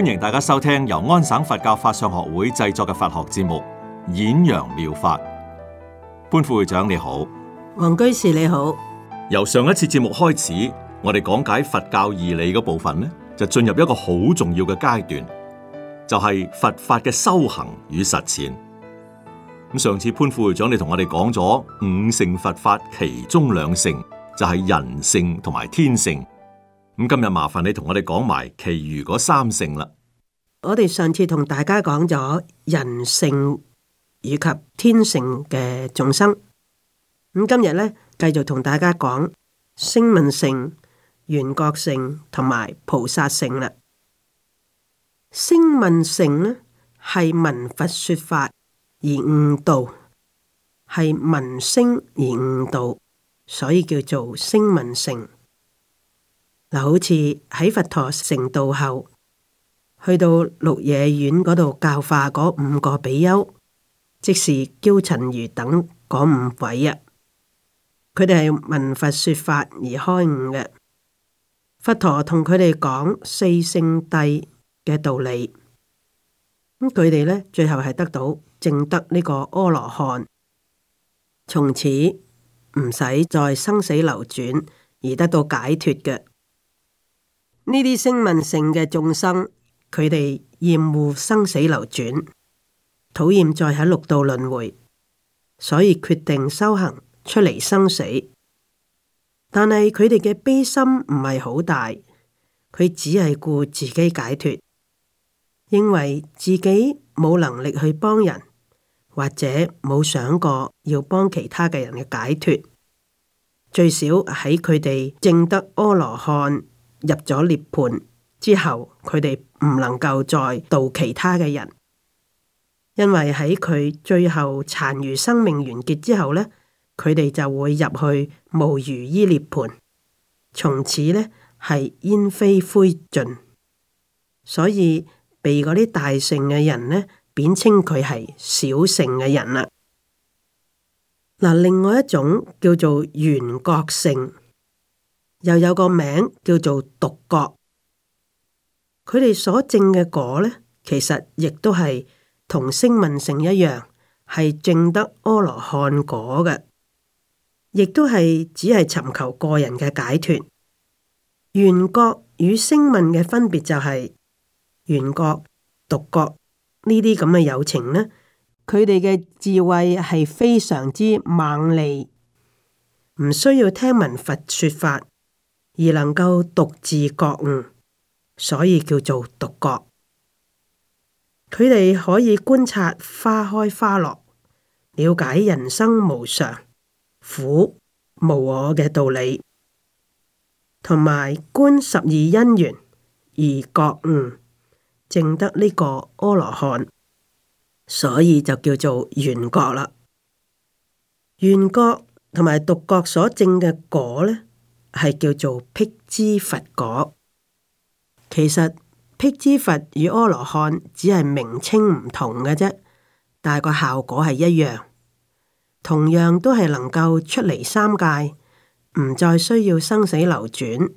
歡迎大家收聽由安省佛教法相學會製作嘅佛學節目《演揚妙，妙法》。潘副會長你好，黃居士你好。由上一次節目開始，我哋講解佛教義理嗰部分呢，就進入一個好重要嘅階段，就係佛法嘅修行與實踐。咁上次潘副會長你同我哋講咗五乘佛法，其中兩乘就係人乘同埋天乘。咁今日麻煩你同我哋講埋其餘嗰三性啦。我哋上次同大家講咗人性以及天性嘅眾生，咁今日呢繼續同大家講聲聞性、緣覺性同埋菩薩性啦。聲聞性呢，係聞佛說法而悟道，係聞聲而悟道，所以叫做聲聞性。嗱，好似喺佛陀成道後，去到鹿野苑嗰度教化嗰五個比丘，即是憍陳如等嗰五位啊。佢哋係聞佛說法而開悟嘅。佛陀同佢哋講四聖諦嘅道理，咁佢哋咧最後係得到證得呢個阿羅漢，從此唔使再生死流轉而得到解脫嘅。呢啲聲聞性嘅眾生，佢哋厭惡生死流轉，討厭再喺六道輪回，所以決定修行出嚟生死。但係佢哋嘅悲心唔係好大，佢只係顧自己解脫，認為自己冇能力去幫人，或者冇想過要幫其他嘅人嘅解脫。最少喺佢哋證得阿羅漢。入咗涅槃之後，佢哋唔能夠再度其他嘅人，因為喺佢最後殘餘生命完結之後呢，佢哋就會入去無餘依涅槃，從此呢係煙飛灰盡，所以被嗰啲大乘嘅人呢，貶稱佢係小乘嘅人啦。嗱，另外一種叫做緣覺乘。又有個名叫做獨覺，佢哋所證嘅果呢，其實亦都係同聲聞乘一樣，係證得阿羅漢果嘅，亦都係只係尋求個人嘅解脫。緣覺與聲聞嘅分別就係緣覺、獨覺呢啲咁嘅有情呢，佢哋嘅智慧係非常之猛利，唔需要聽聞佛說法，而能夠獨自覺悟，所以叫做獨覺。佢哋可以觀察花開花落，了解人生無常、苦無我嘅道理，同埋觀十二因緣而覺悟，證得呢個阿羅漢，所以就叫做緣覺啦。緣覺同埋獨覺所證嘅果呢，係叫做辟支佛果，其實辟支佛與阿羅漢只係名稱唔同嘅啫，但係個效果係一樣，同樣都係能夠出離三界，唔再需要生死流轉，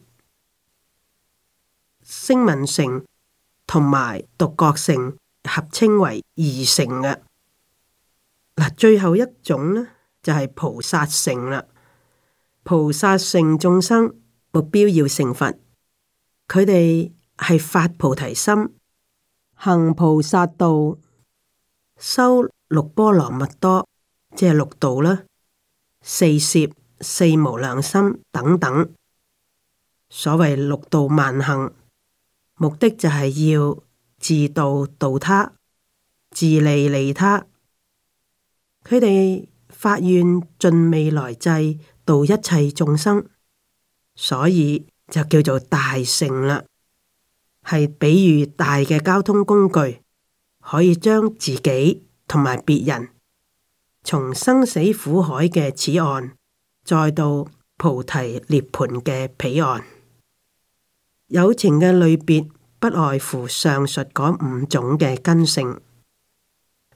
聲聞乘同埋獨覺乘合稱為二乘。嘅，嗱最後一種呢就係、是、菩薩乘啦。菩薩乘眾生目標要成佛，佢哋係發菩提心，行菩薩道，修六波羅蜜多，即係六道啦，四攝、四無量心等等，所謂六度萬行，目的就係要自度度他，自利利他，佢哋發願盡未來際。做一切眾生，所以就叫做大乘啦。係比喻大嘅交通工具，可以將自己同埋別人從生死苦海嘅此岸，再到菩提涅槃嘅彼岸。有情嘅類別不外乎上述嗰五種嘅根性，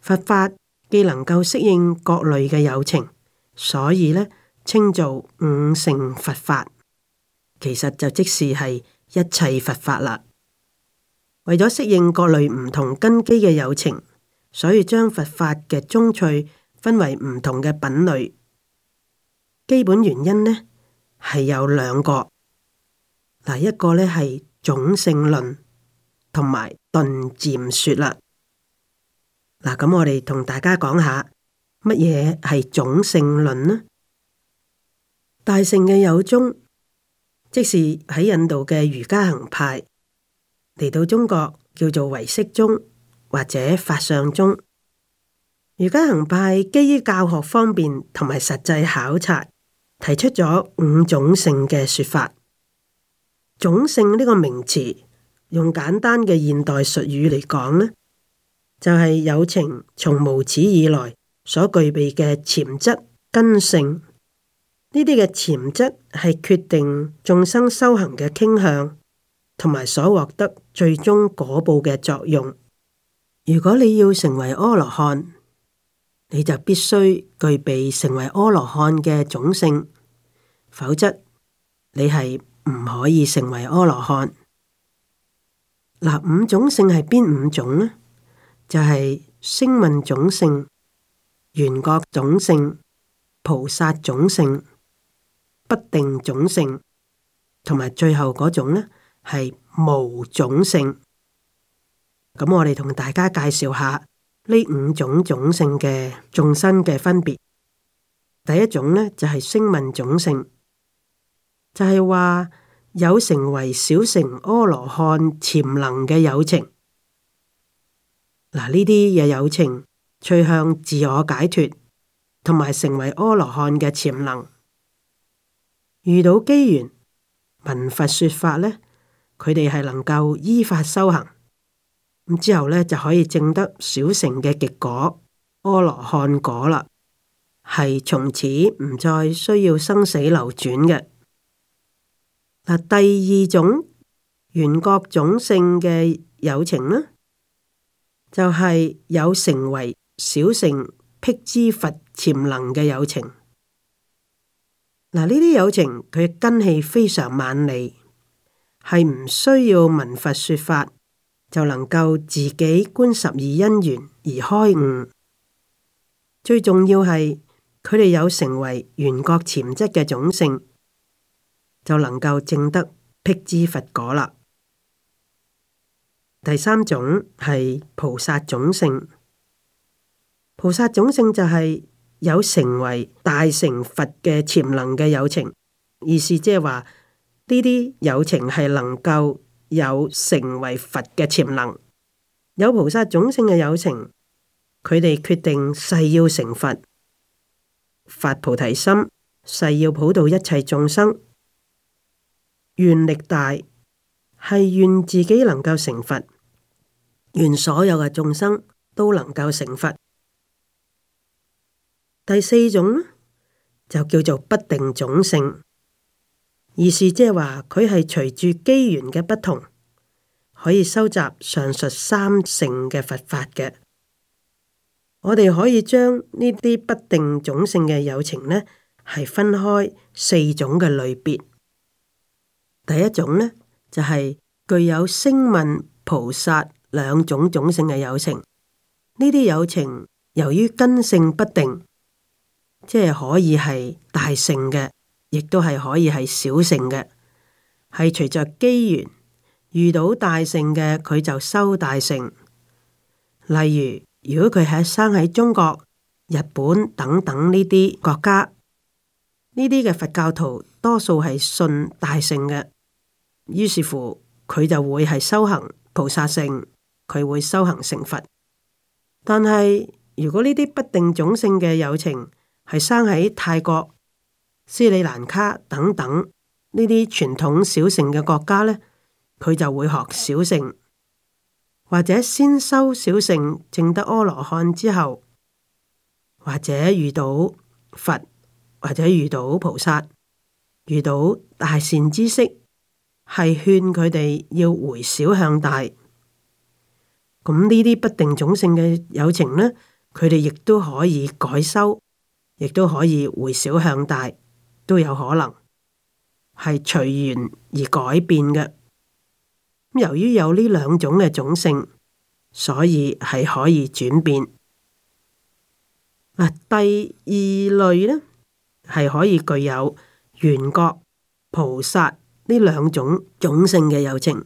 佛法既能夠適應各類嘅有情，所以咧。稱做五乘佛法，其實就即是係一切佛法啦。為咗適應各類唔同根基嘅有情，所以將佛法嘅宗趣分為唔同嘅品類。基本原因呢係有兩個，嗱一個呢係種性論同埋頓漸說啦。嗱，咁我哋同大家講下乜嘢係種性論呢？大乘嘅有宗，即是喺印度嘅瑜伽行派嚟到中國，叫做唯識宗或者法相宗。瑜伽行派基於教學方便同埋實際考察，提出咗五種性嘅說法。種性呢個名詞，用簡單嘅現代術語嚟講呢就係、是、有情從無始以來所具備嘅潛質根性。呢啲嘅潛質係決定眾生修行嘅傾向，同埋所獲得最終果報嘅作用。如果你要成為阿羅漢，你就必須具備成為阿羅漢嘅種姓，否則你係唔可以成為阿羅漢。嗱，五種姓係邊五種呢？就係、是、聲聞種姓、緣覺種姓、菩薩種姓。不定種性，同埋最後嗰種呢，係無種性。咁我哋同大家介紹下呢五種種性嘅眾生嘅分別。第一種呢，就係聲聞種性，就係話有成為小乘阿羅漢潛能嘅有情。嗱，呢啲嘅有情趨向自我解脫，同埋成為阿羅漢嘅潛能。遇到機緣聞佛説法呢，佢哋係能夠依法修行，咁之後呢，就可以證得小乘嘅極果阿羅漢果啦，係從此唔再需要生死流轉嘅。嗱，第二種緣覺種性嘅有情呢，就係、是、有成為小乘辟支佛潛能嘅有情。嗱，呢啲友情佢嘅根氣非常猛利，係唔需要聞佛說法就能夠自己觀十二因緣而開悟。最重要係佢哋有成為緣覺潛質嘅種性，就能夠證得辟支佛果啦。第三種係菩薩種性，菩薩種性就係、是。有成為大成佛嘅潛能嘅友情，意思即係話呢啲友情係能夠有成為佛嘅潛能，有菩薩種姓嘅友情，佢哋決定誓要成佛，發菩提心，誓要普渡一切眾生。願力大，係願自己能夠成佛，願所有嘅眾生都能夠成佛。第四種呢，就叫做不定種姓，意思即係話佢係隨住機緣嘅不同，可以收集上述三乘嘅佛法嘅。我哋可以將呢啲不定種姓嘅有情呢，係分開四種嘅類別。第一種呢，就係、是、具有聲聞、菩薩兩種種姓嘅有情。呢啲有情由於根性不定。即係可以係大乘嘅，亦都係可以係小乘嘅。係隨着機緣遇到大乘嘅，佢就修大乘。例如，如果佢係生喺中國、日本等等呢啲國家，呢啲嘅佛教徒多數係信大乘嘅，於是乎佢就會係修行菩薩乘，佢會修行成佛。但係如果呢啲不定種姓嘅有情，係生喺泰國、斯里蘭卡等等呢啲傳統小乘嘅國家呢，佢就會學小乘，或者先修小乘。證得阿羅漢之後，或者遇到佛，或者遇到菩薩，遇到大善知識，係勸佢哋要回小向大。咁呢啲不定種姓嘅有情呢，佢哋亦都可以改修。亦都可以回小向大，都有可能係隨緣而改變嘅。由於有呢兩種嘅種性，所以係可以轉變。第二類呢，係可以具有緣覺菩薩呢兩種種性嘅有情，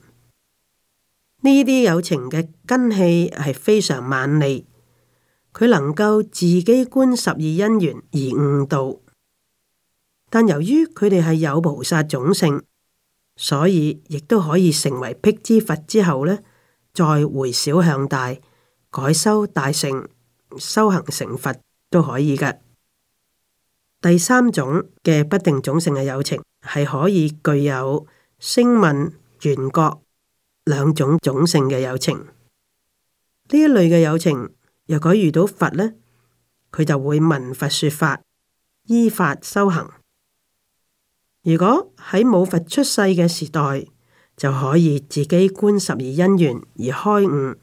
呢啲有情嘅根器係非常猛利。佢能夠自己觀十二因緣而悟道，但由於佢哋係有菩薩種姓，所以亦都可以成為辟支佛之後呢，再回小向大，改修大乘，修行成佛都可以㗎。第三種嘅不定種姓嘅友情係可以具有聲聞緣覺，兩種種姓嘅友情呢一類嘅友情。如果遇到佛呢，佢就會聞佛說法，依法修行。如果喺冇佛出世嘅時代，就可以自己觀十二因緣而開悟，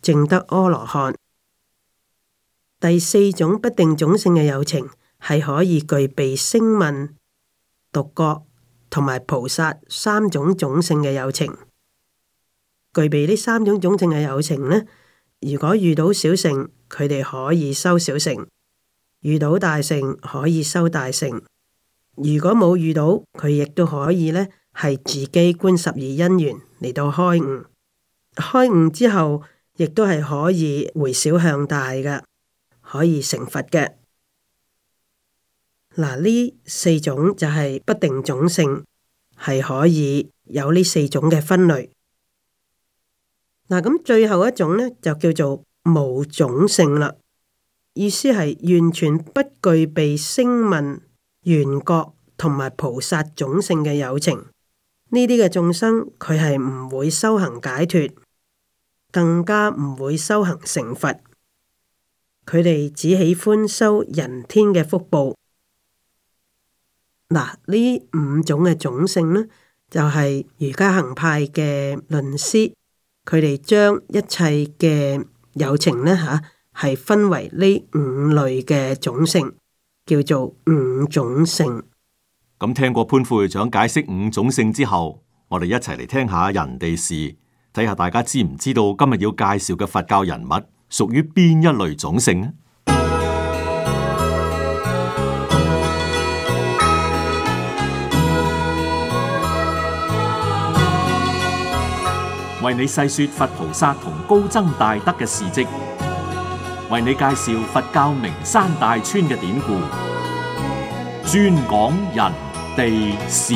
證得阿羅漢。第四種不定種姓嘅有情係可以具備聲聞、獨覺同埋菩薩三種種姓嘅有情。具備呢三種種姓嘅有情呢，如果遇到小乘，佢哋可以收小乘；遇到大乘，可以收大乘。如果冇遇到，佢亦都可以呢，係自己觀十二因緣嚟到開悟。開悟之後，亦都係可以回小向大嘅，可以成佛嘅。嗱，呢四種就係不定種性，係可以有呢四種嘅分類。嗱，咁最後一種呢，就叫做無種性啦。意思係完全不具備聲聞、緣覺同埋菩薩種性嘅有情。呢啲嘅眾生，佢係唔會修行解脱，更加唔會修行成佛。佢哋只喜歡修人天嘅福報。嗱，呢五種嘅種性呢，就係瑜伽行派嘅論師。佢哋將一切嘅有情呢，嚇、啊，係分為呢五類嘅種姓，叫做五種姓。咁、嗯、聽過潘副會長解釋五種姓之後，我哋一齊嚟聽下人哋事，睇下大家知唔知道今日要介紹嘅佛教人物屬於邊一類種姓咧？為你細說佛菩薩同高僧大德嘅事跡，為你介紹佛教名山大川嘅典故，專講人地事。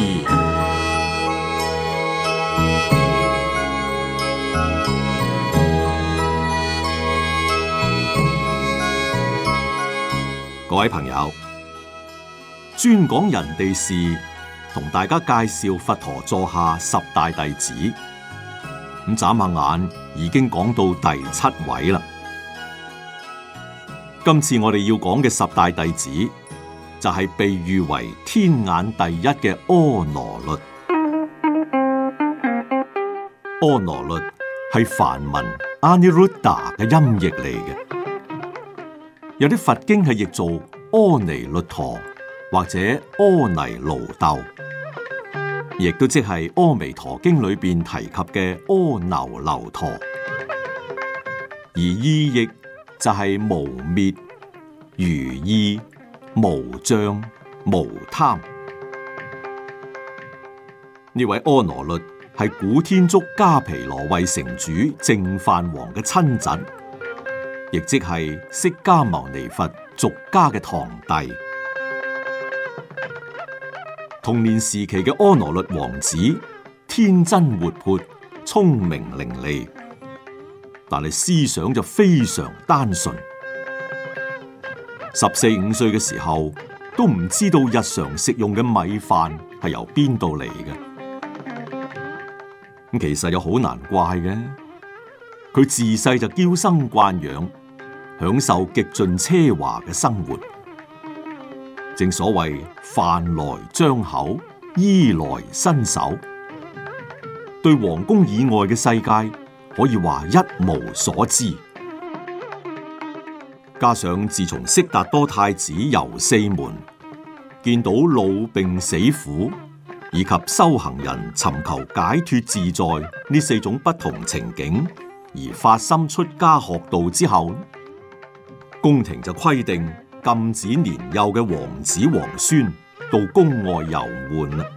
各位朋友，專講人地事，同大家介紹佛陀座下十大弟子。咁眨下眼，已經講到第七位啦。今次我哋要講嘅十大弟子，就係被譽為天眼第一嘅阿那律。阿那律係梵文 Aniruddha 嘅音譯嚟嘅，有啲佛經係譯做阿尼律陀或者阿尼盧豆。亦都即係《阿彌陀經》裏邊提及嘅阿㝹樓陀，而意譯就係無滅、如意、無障、無貪。呢位阿那律係古天竺迦毗羅衛城主淨飯王嘅親侄，亦即係釋迦牟尼佛俗家嘅堂弟。童年時期嘅阿那律王子天真活潑、聰明伶俐，但係思想就非常單純。十四五歲嘅時候，都唔知道日常食用嘅米飯係由邊度嚟嘅。其實又好難怪嘅，佢自細就嬌生慣養，享受極盡奢華嘅生活。正所謂飯來張口，衣來伸手，對皇宮以外嘅世界可以話一無所知。加上自從悉達多太子遊四門，見到老病死苦以及修行人尋求解脫自在呢四種不同情景而發心出家學道之後，宮廷就規定。禁止年幼嘅王子皇孫到宮外遊玩。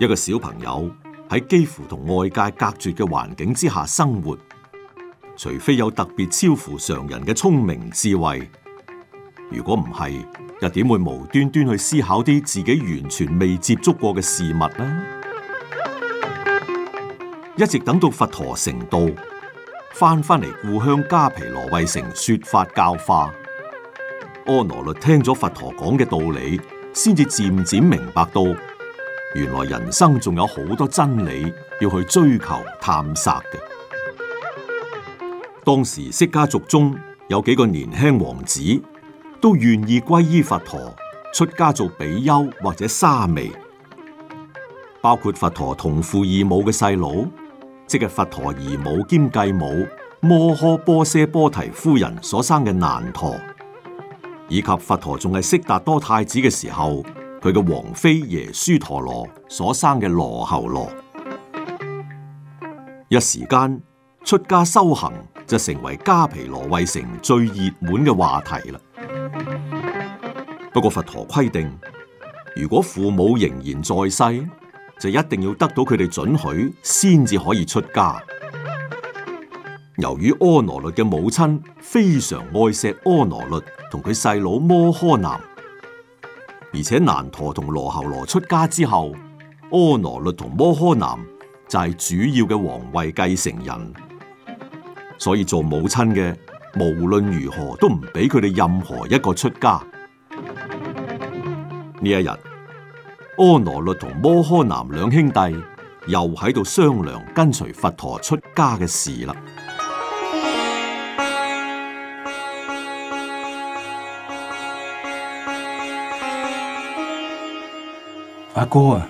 一個小朋友喺幾乎同外界隔絕嘅環境之下生活，除非有特別超乎常人嘅聰明智慧，如果唔係，又點會無端端去思考啲自己完全未接觸過嘅事物呢？一直等到佛陀成道。翻翻嚟故鄉迦毗羅衛城說法教化，阿那律聽咗佛陀講嘅道理，先至漸漸明白到，原來人生仲有好多真理要去追求探索嘅。當時釋迦族中有幾個年輕王子，都願意皈依佛陀，出家做比丘或者沙彌，包括佛陀同父異母嘅細佬。即係佛陀姨母兼繼母摩訶波闍波提夫人所生嘅難陀，以及佛陀仲係悉達多太子嘅時候，佢嘅王妃耶輸陀羅所生嘅羅睺羅，一時間出家修行就成為迦毗羅衛城最熱門嘅話題啦。不過佛陀規定，如果父母仍然在世，就一定要得到佢哋准許，先至可以出家。由於阿那律嘅母親非常愛錫阿那律同佢細佬摩訶男，而且難陀同羅喉羅出家之後，阿那律同摩訶男就係主要嘅皇位繼承人，所以做母親嘅無論如何都唔俾佢哋任何一個出家。呢一日。阿那律同摩訶男兩兄弟又喺度商量跟隨佛陀出家嘅事啦。阿哥，啊，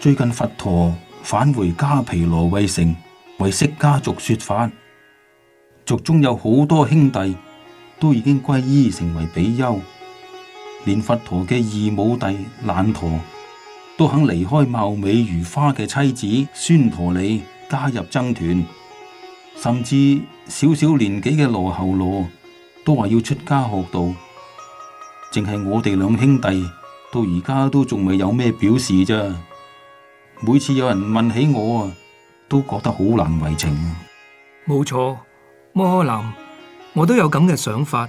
最近佛陀返回迦毗羅衛城為釋迦族說法，族中有好多兄弟都已經皈依成為比丘，連佛陀嘅異母弟難陀，都肯離開貌美如花嘅妻子孫陀利加入僧團，甚至小小年紀嘅羅後羅都話要出家學道，淨係我哋兩兄弟到而家都仲未有咩表示咋？每次有人問起我啊，都覺得好難為情。冇錯，摩訶男，我都有咁嘅想法，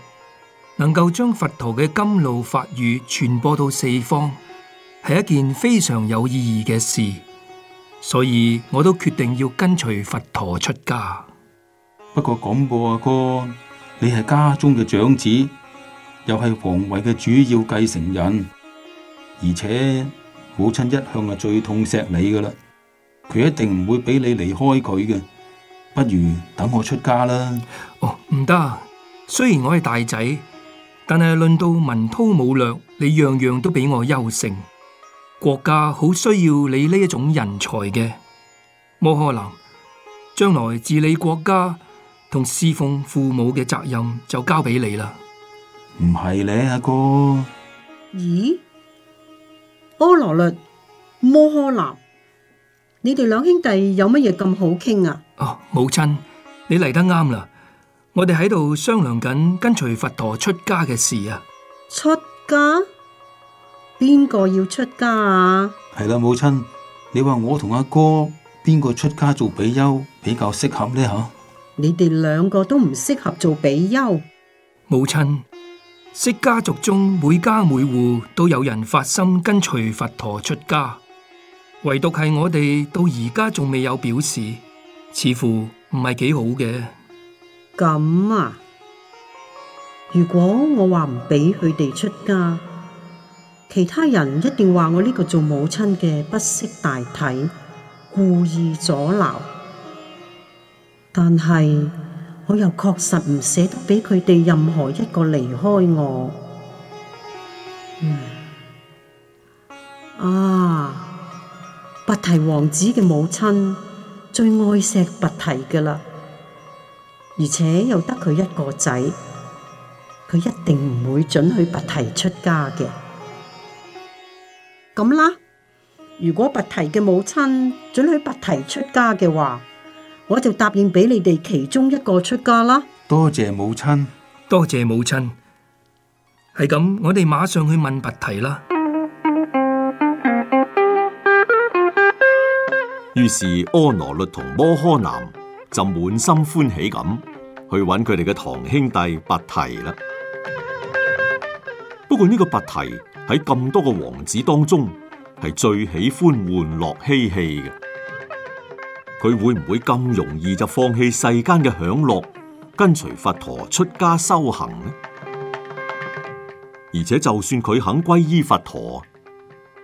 能夠將佛陀嘅甘露法語傳播到四方。係一件非常有意義嘅事，所以我都決定要跟隨佛陀出家。不過講過啊，哥，你係家中嘅長子，又係皇位嘅主要繼承人，而且母親一向係最痛錫你嘅啦，佢一定唔會俾你離開佢嘅。不如等我出家啦。哦，唔得，雖然我係大仔，但係論到文韜武略，你樣樣都比我優勝。國家好需要你呢一種人才嘅，摩訶男，將來治理國家同侍奉父母嘅責任就交俾你啦。唔係咧，阿哥。咦？阿那律，摩訶男，你哋兩兄弟有乜嘢咁好傾啊？哦，母親，你嚟得啱啦，我哋喺度商量緊跟隨佛陀出家嘅事啊。出家？邊個要出家啊？係啦，母親，你話我同阿哥邊個出家做比丘比較適合呢？吓，你哋兩個都唔適合做比丘。母親，釋迦族中每家每戶都有人發心跟隨佛陀出家，唯獨係我哋到而家仲未有表示，似乎唔係幾好嘅。咁啊？如果我話唔俾佢哋出家？其他人一定話我呢個做母親嘅不識大體，故意阻撓。但係我又確實唔捨得俾佢哋任何一個離開我。嗯，啊，拔提王子嘅母親最愛錫拔提㗎喇，而且又得佢一個仔，佢一定唔會准許拔提出家嘅。咁啦，如果拔提嘅母親准許拔提出家嘅話，我就答應俾你哋其中一個出家啦。多謝母親，多謝母親。係咁，我哋馬上去問拔提啦。於是阿那律同摩訶男就滿心歡喜咁去揾佢哋嘅堂兄弟拔提啦。不過呢個拔提。喺咁多個王子當中，係最喜歡玩樂嬉戲嘅。佢會唔會咁容易就放棄世間嘅享樂，跟隨佛陀出家修行呢？而且就算佢肯皈依佛陀，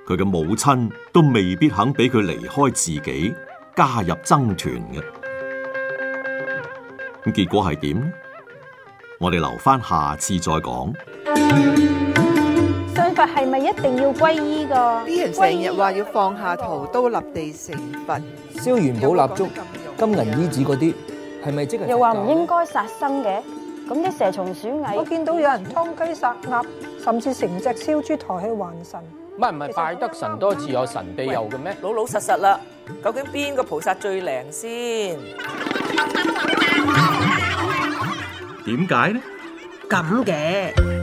佢嘅母親都未必肯俾佢離開自己，加入僧團嘅。咁結果係點？我哋留翻下次再講。係咪一定要皈依㗎？啲人成日話要放下屠刀立地成佛，燒元寶蠟燭、金銀衣紙嗰啲，係咪即係？又話唔應該殺生嘅，咁啲蛇蟲鼠蟻，我見到有人劏雞殺鴨，甚至成隻燒豬抬去還神。唔係唔係，拜得神多自有神庇佑嘅咩？老老實實啦，究竟邊個菩薩最靈先？點解呢？咁嘅。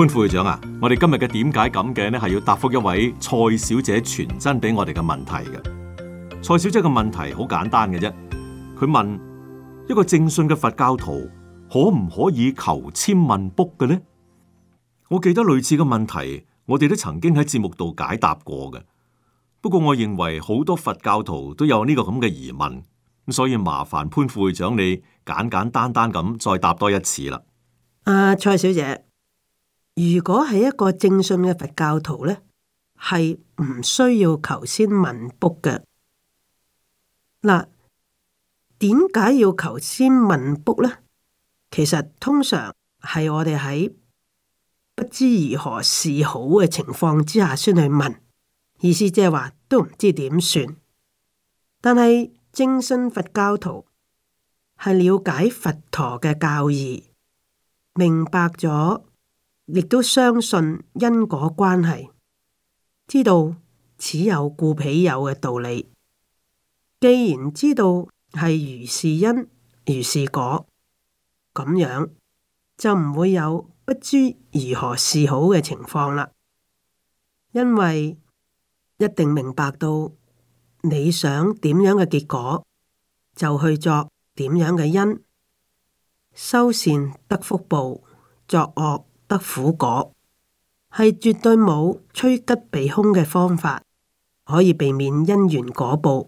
潘副會長啊，我哋今日嘅點解咁嘅呢？係要答覆一位蔡小姐傳真俾我哋嘅問題嘅。蔡小姐嘅問題好簡單嘅啫，佢問一個正信嘅佛教徒可唔可以求籤問卜嘅呢？我記得類似嘅問題，我哋都曾經喺節目度解答過嘅。不過我認為好多佛教徒都有呢個咁嘅疑問，咁所以麻煩潘副會長你簡簡單單咁再答多一次啦。啊，uh, 蔡小姐。如果係一個正信嘅佛教徒呢，係唔需要求籤問卜嘅。嗱，點解要求籤問卜呢？其實通常係我哋喺不知如何是好嘅情況之下先去問，意思即係話都唔知點算。但係正信佛教徒係了解佛陀嘅教義，明白咗。亦都相信因果關係，知道此有故彼有嘅道理。既然知道係如是因，如是果咁樣，就唔會有不知如何是好嘅情況啦。因為一定明白到你想點樣嘅結果，就去作點樣嘅因。修善得福報，作惡。得苦果係，絕對冇趨吉避凶嘅方法可以避免因緣果報。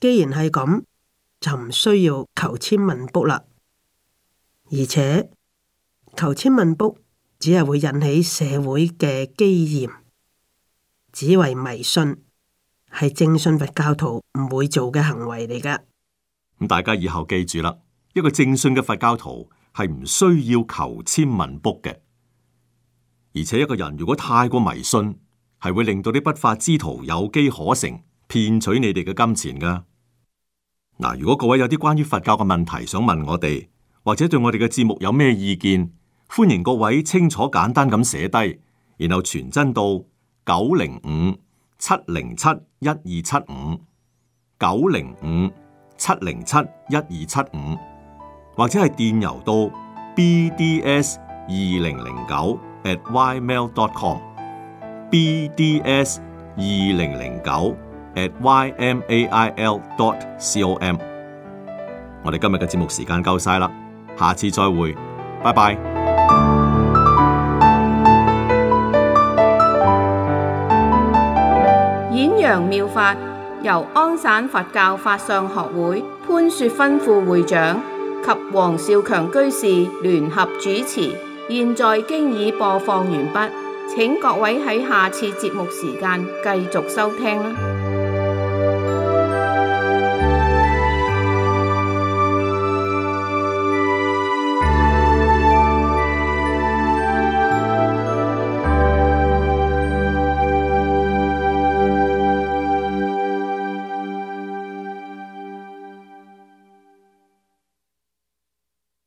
既然係咁，就唔需要求籤問卜啦。而且求籤問卜只係會引起社會嘅譏嫌，只為迷信，係正信佛教徒唔會做嘅行為嚟噶咁大家以後記住啦，一個正信嘅佛教徒，係唔需要求籤問卜嘅，而且一個人如果太過迷信，係會令到啲不法之徒有機可乘，騙取你哋嘅金錢噶。嗱、啊，如果各位有啲關於佛教嘅問題想問我哋，或者對我哋嘅節目有咩意見，歡迎各位清楚簡單咁寫低，然後傳真到九零五七零七一二七五，九零五七零七一二七五。或者係電郵到 bds 二零零九 at ymail dot com bds 二零零九 at ym a i l dot c o m，我哋今日嘅節目時間夠晒啦，下次再會，拜拜。演揚妙法由安省佛教法相學會潘雪芬副會長。及黃少強居士聯合主持，現在經已播放完畢，請各位喺下次節目時間繼續收聽。